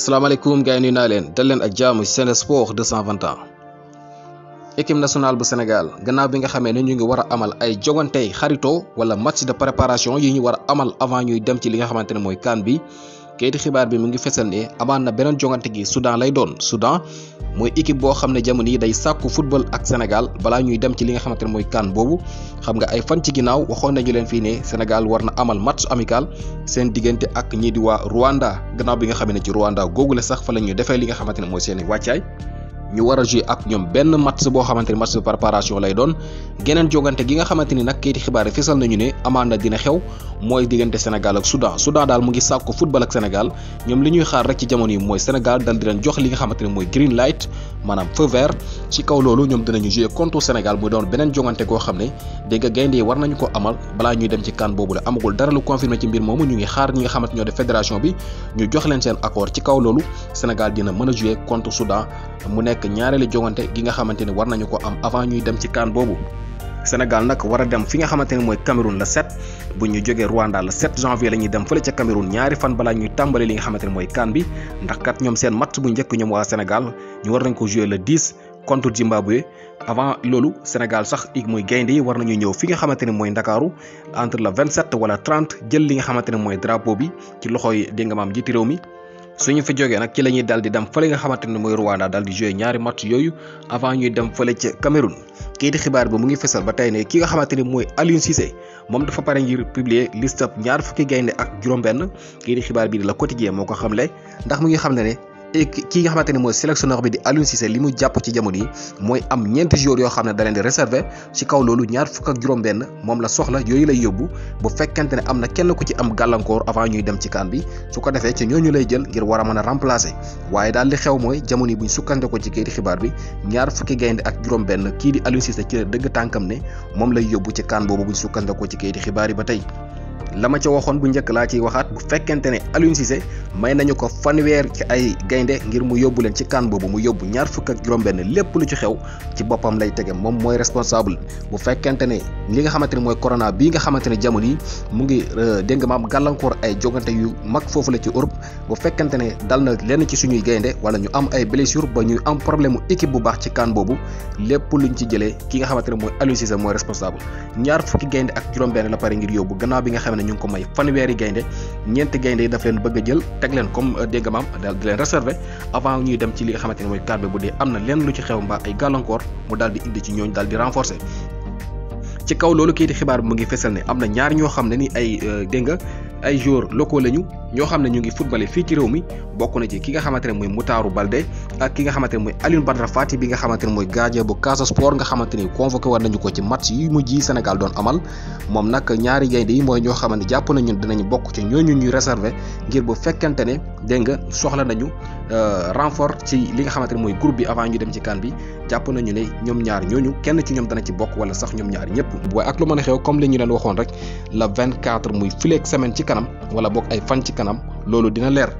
asalaamaaleykum gars yi naa leen dal leen ak jaamu Sen Sport 221 équipe nationale bu Sénégal gannaaw bi nga xamee ne ñu ngi war a amal ay jogantey xarito wala match de préparation yi ñu war a amal avant ñuy dem ci li nga xamante ne mooy CAN bi kayiti xibaar bi mu ngi fesal ne amaan na beneen jongante gi Soudan lay doon Soudan mooy équipe boo xam ne jamono yi day sàkku football ak Sénégal balaa ñuy dem ci li nga xamante ne mooy CAN boobu xam nga ay fan ci ginnaaw waxoon nañu leen fii ne Sénégal war na amal match amical seen diggante ak ñii di waa Rwanda gannaaw bi nga xam ne ci Rwanda googu la sax fa la ñuy defee li nga xamante ne mooy seeni wàccaay ñu war a jouer ak ñoom benn match boo xamante ni match préparation lay doon geneen jogante gi nga xamante ni nag kayiti xibaar yi fisal nañu ne amaana dina xew mooy diggante Sénégal ak Soudan Soudan daal mu ngi sàkku football ak Sénégal ñoom li ñuy xaar rek ci jamono yi mooy Sénégal dal di leen jox li nga xamante ne mooy green light maanaam feu vert ci kaw loolu ñoom dinañu jouer contre Sénégal muy doon beneen jongante goo xam ne dégg nga gaynde yi war nañu ko amal balaa ñuy dem ci kan boobu la amagul dara lu confirmé ci mbir moomu ñu ngi xaar ñi nga xamante ñoo def fédération bi ñu jox leen seen accord ci kaw loolu Sénégal dina mën a jouer contre Soudan mu nekk ñaareelu jongante gi nga xamante ni war nañu ko am avant ñuy dem ci kan boobu Sénégal nag war a dem fi nga xamante ne mooy Cameroun la 7 bu ñu jógee Rwanda la 7 janvier la ñuy dem fële ca Cameroun ñaari fan balaa ñuy tàmbali li nga xamante ne mooy CAN bi ndax kat ñoom seen match bu njëkk ñoom waa Sénégal ñu war nañ ko jouer le 10 contre Zimbabwe avant loolu Sénégal sax ik muy gaynde yi war nañu ñëw fi nga xamante ne mooy Ndakaaru entre le 27 wala 30 jël li nga xamante ne mooy drapeau bi ci loxoy di nga maam jiiti réew mi su ñu fa jógee nag ci la ñuy daal di dem fële nga xamante ne mooy Rwanda daal di ñaari match yooyu avant ñuy dem fële ca Cameroun kii di xibaar bi mu ngi fesal ba tey ne ki nga xamante ni mooy Aliou Cissé moom dafa pare ngir publier liste ab ñaar fukki gaynde ak juróom-benn kii di xibaar bi di la moo ko xamle ndax mu ngi xam ne ne ki nga xamante ni mooy sélectionneur bi di Aliou li mu jàpp ci jamono yi mooy am ñeenti joueurs yoo xam ne da leen di réservé ci kaw loolu ñaar fukk ak juróom-benn moom la soxla yooyu lay yóbbu bu fekkente ne am na kenn ku ci am gàllankoor avant ñuy dem ci kan bi su ko defee ci ñoo ñu lay jël ngir war a mën a remplacer waaye daal di xew mooy jamono yi buñ sukkante ko ci kayiti xibaar bi ñaar fukki gaynde ak juróom-benn kii di Aliou ci la dëgg tànkam ne moom lay yóbbu ci kan boobu buñ sukkante ci kayiti xibaar yi ba tey la ma waxoon bu njëkk laa ciy waxaat bu fekkente ne Aliou Cissé may nañu ko fanweer ci ay gaynde ngir mu yóbbu leen ci kan boobu mu yóbbu ñaar fukk ak juróom lépp lu ci xew ci boppam lay tege moom mooy responsable bu fekkente ne li nga xamante ne mooy corona bii nga xamante ne jamono yi mu ngi euh, dégg maam gàllankoor ay jogante yu mag foofu la ci Europe bu fekkente ne dal na lenn ci suñuy gaynde wala ñu am ay blessure ba ñu am problème mu bu baax ci kan boobu lépp ñu ci jëlee ki nga xamante ne mooy Aliou Cissé mooy responsable ñaar fukki gaynde ak juróom-benn la pare ngir yóbbu gannaaw bi nga xam ne ñu ngi ko may fanweeri gaynde ñeenti gaynde yi daf leen bëgg a jël teg leen comme euh, dégg maam daal di leen réserver avant ñuy dem ci li nga xamante ne mooy CAN bi bu dee am na leen lu ci xew mbaa ay gàllankoor mu dal di indi ci ñooñ daal di renforcer. ci kaw loolu kii di xibaar bi mu ngi fesal ne am na ñaar ñoo xam ne ni ay euh, dégg nga ay joueurs locaux lañu. ñoo xam ne ñu ngi footballé fii ci réew mi bokk na ci ki nga xamante ne mooy Mutaaru Balde ak ki nga xamante ne mooy Alioune Badara nga xamante ne mooy gardien bu Casa Sport nga xamante ni convoqué war nañu ko ci match yi mujj yi Sénégal doon amal moom nag ñaari gaynde yi mooy ñoo xamante ne jàpp nañu dinañ bokk ci ñooñu ñuy réservé ngir bu fekkente ne dégg nga soxla nañu euh, renfort ci li nga xamante ne mooy groupe bi avant ñu dem ci kan bi jàpp nañu ne ñoom ñaar ñooñu kenn ci ñoom dana ci bokk wala sax ñoom ñaar ñëpp waaye comme ñu leen waxoon rek la 24 muy fileeg semaine ci kanam wala bokk ay kanam loolu dina leer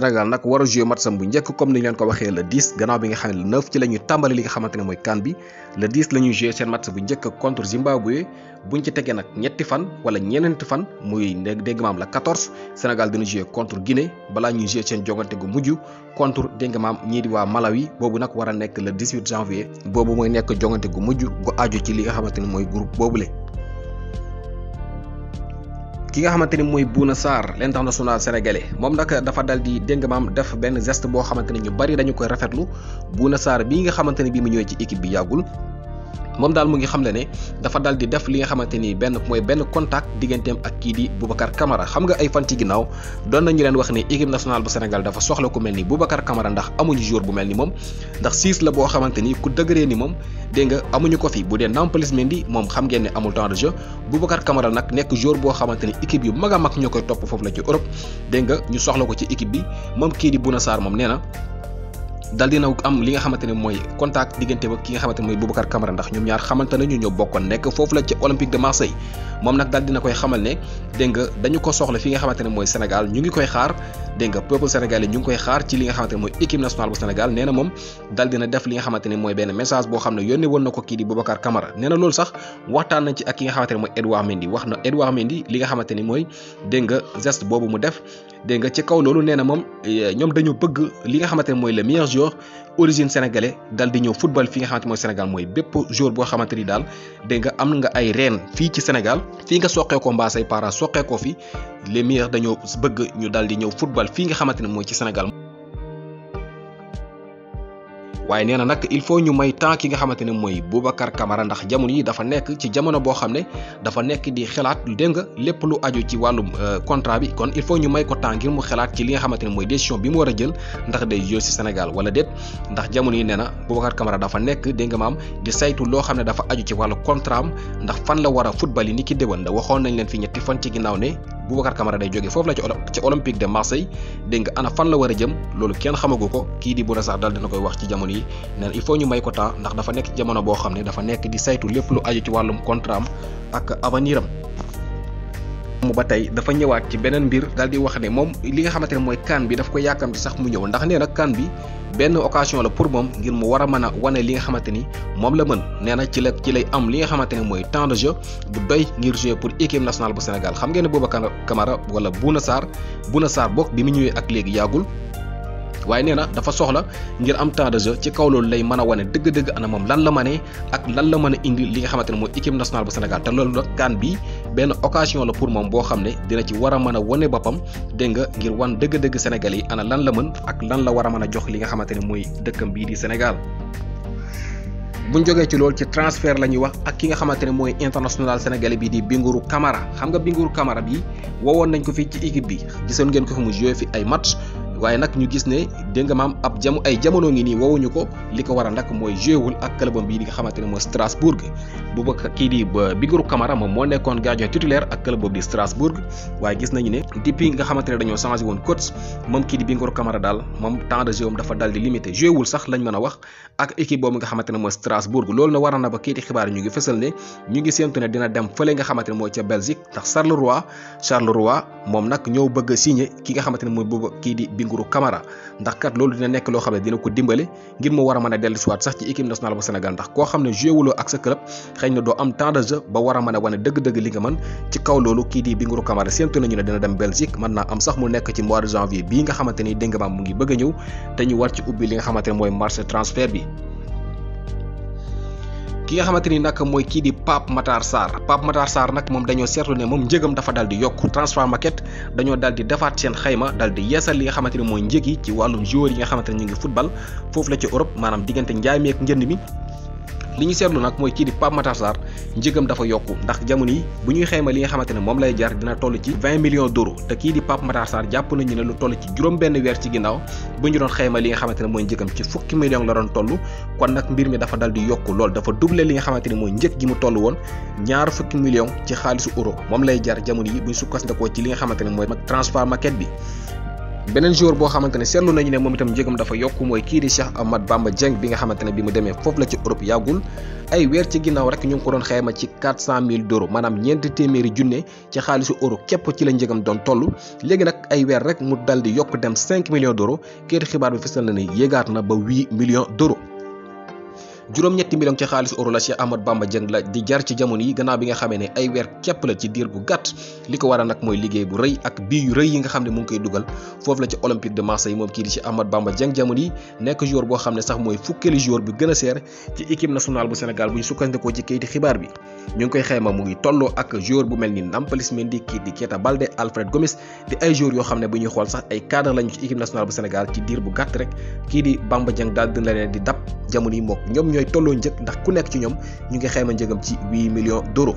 nak wara jouer match bu ñëk comme niñ leen ko waxé le 10 gannaaw bi nga xamné le 9 ci lañu tambali li nga xamantene moy kan bi le 10 lañu jouer match bu contre Zimbabwe buñ ci nak ñetti fan wala ñenenti fan muy dégg maam la 14 Sénégal dina jouer contre Guinée bala ñu jouer seen jonganté gu muju contre dégg maam ñi di wa Malawi bobu nak wara nek le 18 janvier bobu moy nek jonganté gu muju gu aju ci li nga xamantene moy groupe ki nga xamante ni mooy Bouna Sarr l'international sénégalais moom nag dafa dal di dégg maam def benn geste boo xamante ni ñu bari dañu koy rafetlu buuna Sarr bii nga xamante ni bii mu ñëwee ci équipe bi yàggul moom daal mu ngi xam le ne dafa daal di def li nga xamante ni benn mooy benn contact digganteem ak kii di Boubacar Camara xam nga ay fan ci ginnaaw doon nañu leen wax ni équipe nationale bu Sénégal dafa soxla ku mel ni Boubacar Camara ndax amuñu jour bu mel ni moom ndax siis la boo xamante ni ku dëgëree ni moom dégg nga amuñu ko fi bu dee Nampalys Mendy moom xam ngeen ne amul temps de jeu Boubacar Camara nag nekk jour boo xamante ni équipe yu mag a mag ñoo koy topp foofu la ci Europe dégg nga ñu ko ci équipe bi moom kii di Bouna Sarr moom nee na dal dina am li nga xamante ne mooy contact diggante ba ki nga xamante ne mooy Boubacar Camara ndax ñoom ñaar xamante nañu ñoo bokkoon nekk foofu la ci Olympique de Marseille moom nag dal dina koy xamal ne dégg nga dañu ko soxla fi nga xamante ne mooy Sénégal ñu ngi koy xaar dégg nga peuple sénégalais ñu ngi koy xaar ci li nga xamante ne mooy équipe nationale bu Sénégal nee na moom dal dina def li nga xamante ne mooy benn message boo xam ne yónne woon na ko kii di Boubacar Camara nee na loolu sax waxtaan nañ ci ak ki nga xamante ne mooy Edouard Mendy wax na Edouard Mendy li nga xamante mooy dégg nga boobu mu def dégg nga ci kaw loolu nee na moom eh, ñoom dañu bëgg li nga xamante ne mooy le meilleur joueur origine sénégalais dal di ñëw football fi nga xamante mooy Sénégal mooy bépp jour boo xamante ni daal dégg am nga ay reen fii ci Sénégal fii nga soqeekoo mbaa say parents soqeekoo fi les meilleurs dañoo bëgg ñu dal di ñëw football fii nga xamante ne mooy ci Sénégal. waaye nee na nag il faut ñu may temps ki nga xamante ne mooy Boubacar Camara ndax jamono yi dafa nekk ci jamono boo xam ne dafa nekk di xalaat dégg nga lépp lu aju ci wàllum euh, contrat bi kon il faut ñu may ko temps ngir mu xalaat ci li nga xamante ne mooy décision bi mu war a jël ndax day jouer ci Sénégal wala déet ndax jamono yi nee na Boubacar Camara dafa nekk dégg nga maam di saytu loo xam ne dafa aju ci wàllu contrat am ndax fan la war a football yi ni ki déwén waxoon nañ leen fi ñetti fan ci ginnaaw ne Boubacar Camara day jógee foofu la ci ci Olympique de Marseille dégg nga ana fan la war a jëm loolu kenn xamagu ko kii di Bouna Sarr daal dina koy wax ci jamono yi nee na il faut ñu may ko temps ndax dafa nekk ci jamono boo xam ne dafa nekk di saytu lépp lu aju ci wàllum contrat am ak avenir am mu ba tey dafa ñëwaat ci beneen daal di wax ne moom li nga xamante ne mooy kan bi daf ko yàkkamti sax mu ñëw ndax nee na kan bi benn occasion la pour moom ngir mu war a mën a li nga xamante ni moom la mën nee na ci la ci lay am li xamante ne mooy de jeu bu doy ngir jouer pour équipe nationale bu Sénégal xam ngeen ne Boubacar Kamara wala Bouna Sarr Bouna Sarr bokk bi mu ñëwee ak léegi yàggul. waaye nee na dafa soxla ngir am temps de jeu ci kaw loolu lay mën a wane dëgg-dëgg ana moom lan la mënee ak lan la mën a indi li nga xamante ne mooy équipe nationale bu Sénégal te loolu nag kan bi benn occasion la pour moom boo xam ne dina ci war a mën a wane boppam dégg ngir wan dëgg-dëgg Sénégal yi ana lan la mën ak lan la war a mën a jox li nga xamante ne mooy dëkkam bii di Sénégal. buñ jógee ci loolu ci transfert la ñuy wax ak ki nga xamante ne mooy international sénégalais bii di Bingourou Kamara xam nga Bingourou Kamara bi wowoon nañ ko fii ci équipe bi gisoon ngeen ko fi mu joué fi ay match waaye nag ñu gis ne dégg nga maam ab jam ay jamono ngi nii wowuñu ko li ko waral nag mooy jouéwul ak clubam bii di nga xamante ne mooy Strasbourg bu ba kii di Bigorou moo nekkoon gardien titulaire ak club boobu waaye gis nañu ne depuis nga xamante ne dañoo changé woon coach moom kii di Bigorou Kamara daal moom temps de jeu am dafa dal di limité jouéwul sax lañ mën a wax ak équipe boobu nga xamante ne mooy Strasbourg loolu na waral na ba kii di xibaar ñu ngi fësal ne ñu ngi séentu ne dina dem fële nga xamante ne mooy ca Belgique ndax Charleroi Charleroi moom nag ñëw bëgg a ki nga xamante mooy boobu kii di Bouguru Camara ndax kat loolu dina nekk loo xam dina ko dimbale ngir mu war a mën a dellu siwaat sax ci équipe nationale bu Sénégal ndax koo xam ne joué ak sa club xëy na doo am temps ba war a wane dëgg-dëgg li nga mën ci kaw loolu kii di Bouguru Camara séentu nañu ne dina dem Belgique mën naa am sax mu nekk ci mois janvier bii nga xamante ni mu ngi bëgg ñëw te ñu war ci ubbi li nga xamante mooy marché transfert bi ki nga xamante ni nag mooy kii di Pape Matar Sarr Pape Matar Sarr nag moom dañoo seetlu ne moom njëgam dafa dal di yokk transfer market dañoo dal di defaat seen xayma dal di yeesal li nga xamante ni mooy njëg yi ci wàllum joueur yi nga xamante ne ñu ngi football foofu la ci Europe maanaam diggante njaay meek njënd mi li ñu seetlu nag mooy kii di Pape Matar Sarr njëgam dafa yokk ndax jamono yi bu ñuy xayma li nga xamante ne moom lay jar dina toll ci 20 millions d'euros te kii di Pape Matar Sarr jàpp nañu ne lu toll ci juróom benn weer ci ginnaaw bu ñu doon xayma li nga xamante ne mooy njëgam ci fukki millions la doon toll kon nag mbir mi dafa dal di yokk lool dafa doublé li nga xamante ne mooy njëg gi mu toll woon ñaar fukki millions ci xaalisu euro moom lay jar jamono yi bu ñu li nga xamante ne mooy transfert market bi beneen joueur boo xamante ne seetlu nañu ne moom itam njëgam dafa yokk mooy kii di Cheikh Ahmad Bamba Dieng bi nga xamante ne bi mu demee foofu la ci Europe yàggul ay weer ci ginnaaw rek ñu ngi ko doon xayma ci 400000 d'euros maanaam ñeenti téeméeri junne ci xaalisu euro képp ci la njëgam doon toll léegi nag ay weer rek mu dal di yokk dem 5 millions d'euros kéiti xibaar bi fësal na ne yéegaat na ba 8 millions d'euros juróom-ñetti million ci xaalis euro la Cheikh Ahmad Bamba Dieng la di jar ci jamono yi gannaaw bi nga xamee ne ay weer képp la ci diir bu gàtt li ko waral nag mooy liggéey bu rëy ak bii yu rëy yi nga xam ne mu ngi koy dugal foofu la ci olympique de Marseille moom kii di Cheikh Ahmad Bamba Dieng jamono yi nekk joueur boo xam ne sax mooy fukkeeli joueur bi gën a seer ci équipe nationale bu Sénégal bu ñu sukkandikoo ci kayiti xibaar bi ñu ngi koy xayma mu ngi tolloo ak joueur bu mel ni Nampalys Mendy kii di Keita Baldé Alfred Gomis di ay joueurs yoo xam ne bu ñuy xool sax ay cadre lañu ci équipe nationale bu Sénégal ci diir bu gàtt rek kii di Bamba Dieng daal dina di dab jamono yi mook ñoom ñooy tolloo njëg ndax ku nekk ci ñoom ñu ngi xayma njëgam ci 8 millions d'euros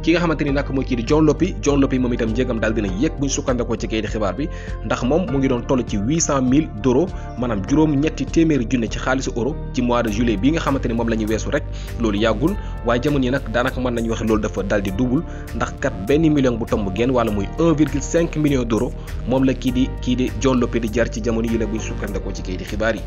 ki nga xamante ni nag mooy kii di John Lopi John Lopi moom itam njëgam daal dina yéeg buñ sukkandekoo ci kayit xibaar bi ndax moom mu ngi doon toll ci 800000 d'euros maanaam juróom ñetti téeméeri junne ci xaalisu euro ci mois de juillet bi nga xamante ni moom la ñuy weesu rek loolu yàggul waaye jamono yi nag daanaka mën nañu waxe loolu dafa daal di double ndax kat benn million bu tomb genn wala muy 1,5 million d'euros moom la kii di kii di John Lopi di jar ci jamono yi la buñ sukkandekoo ci kayit xibaar yi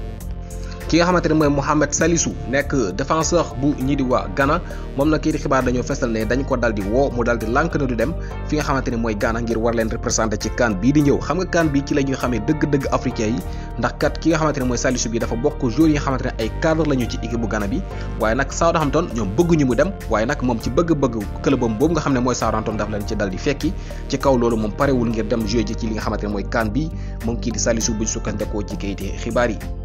ki nga xamante ne mooy Mohamed Salisu nekk défenseur bu ñi di waa Ghana moom nag kii di xibaar dañoo fesal ne dañ ko dal woo mu dal di lànk na du dem fi nga xamante ne mooy Ghana ngir war leen représenté ci CAN bii di ñëw xam nga CAN bi ci la ñuy xamee dëgg-dëgg africain yi ndax kat ki nga xamante ne mooy Salisu bi dafa bokk joueurs yi nga xamante ne ay cadre la ñu ci équipe bu Ghana bi waaye nag Southampton ñoom bëgguñu mu dem waaye nag moom ci bëgg-bëgg clubam boobu nga xam ne mooy Southampton daf leen ci ne mooy CAN bi moom kii di Salisu buñ